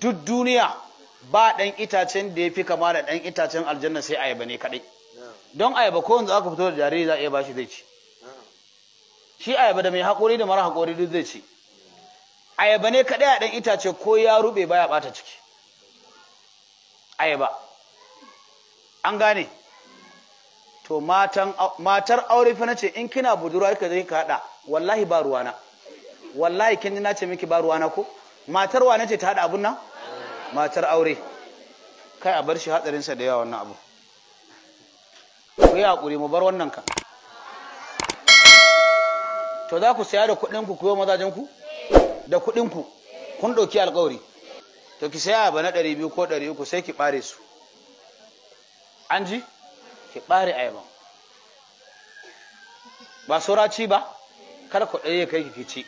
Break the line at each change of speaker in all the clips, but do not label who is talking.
duk duniya ba ɗan itacen da ya fi kama da ɗan itacen aljanna sai ayaba ne kaɗai don ayaba ko za aka fito da jariri za a iya bashi zai ci shi ayaba da mai haƙori da mara haƙori duk zai ci ayaba ne kaɗai a ɗan itace ko ya rube baya ɓata ciki ayaba an gane to matar aure fa nace in kina budurwa ka zai ka haɗa wallahi ba ruwana wallahi kin ji nace miki ba ruwana ko matar wa nace ta haɗa abun nan matar aure kai a bar shi hatsarinsa da yawa wannan abu ku yi haƙuri mu bar wannan kan to za ku saya da kuɗinku ku yi ku? da kuɗinku kun ɗauki alƙawari to ki saya ba na ɗari biyu ko ɗari uku sai ki ɓare su an ji ki ɓare ayaban ba ci ba kar ku ɗaya kai ki ci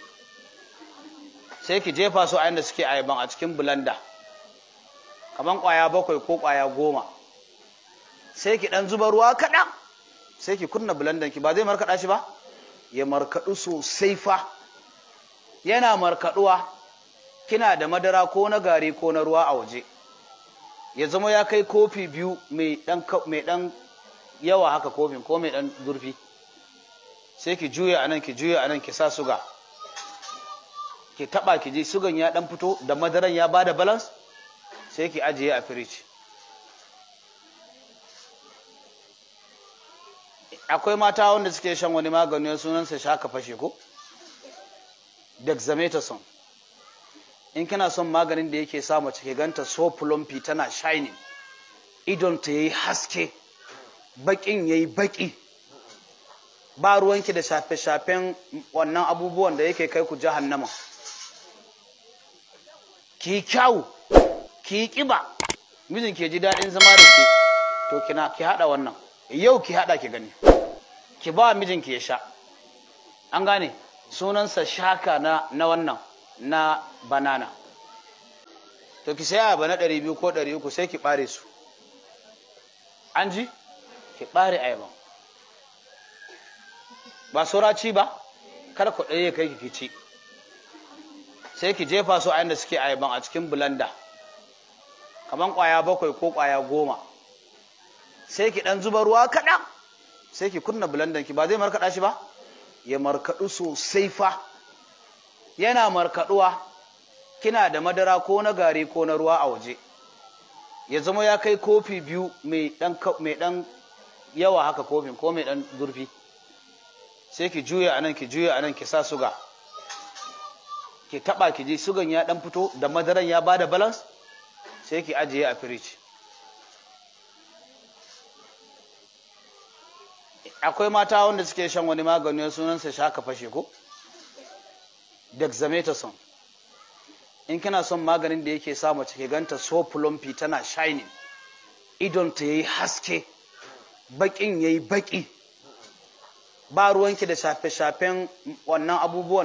sai ki jefa su a inda suke ayaban a cikin bulanda kaman kwaya bakwai ko kwaya goma sai ki dan zuba ruwa kaɗan sai ki kunna blender ki ba zai markaɗa shi ba ya markaɗu sosai fa yana markaɗuwa kina da madara ko na gari ko na ruwa a waje ya zama ya kai kofi biyu mai dan yawa haka kofin ko mai dan zurfi sai ki juya anan ki juya anan ki sa suga ki taɓa ki ji sugan ya dan fito da madaran ya bada balance sai ki ajiye a firij akwai mata wanda suke shan wani magani sunansa shaka fashe ko dexamethasone in kina son maganin da yake samu cike ganta so plumpy tana shining idon ta yayi haske bakin yayi baki ba ruwanki da shafe-shafen wannan abubuwan da yake kai ku jahannama ki kyau ki ƙiba, mijin ke ji daɗin zama da ke to kina ki haɗa wannan yau ki haɗa ki gani ki ba mijin ki ya sha an gane sunansa shaka na na wannan na banana to ki saya bana ɗari biyu ko ɗari uku sai ki ɓare su an ji ki ɓare ayaba ba saura ci ba kar ku ɗaya kai ki ci sai ki jefa su a inda suke ayaban a cikin blender kaman kwaya bakwai ko kwaya goma sai ki dan zuba ruwa kaɗan sai ki kunna blandan ki ba zai markaɗa shi ba ya markaɗu sosai fa yana markaɗuwa kina da madara ko na gari ko na ruwa a waje ya zama ya kai kofi biyu mai ɗan yawa haka kofin ko mai ɗan zurfi sai ki juya a nan ki juya a nan ki sa suga ki taɓa ki ji sugan ya ɗan fito da madaran ya ba da balance sai ki ajiye a firij akwai mata wanda suke shan wani maganin sunansa shaka fashe ko dexamethasone in kina son maganin da yake samu cike ganta so plumpy tana shining idon ta yayi haske bakin yayi baki ba ruwanki da shafe-shafen wannan abubuwan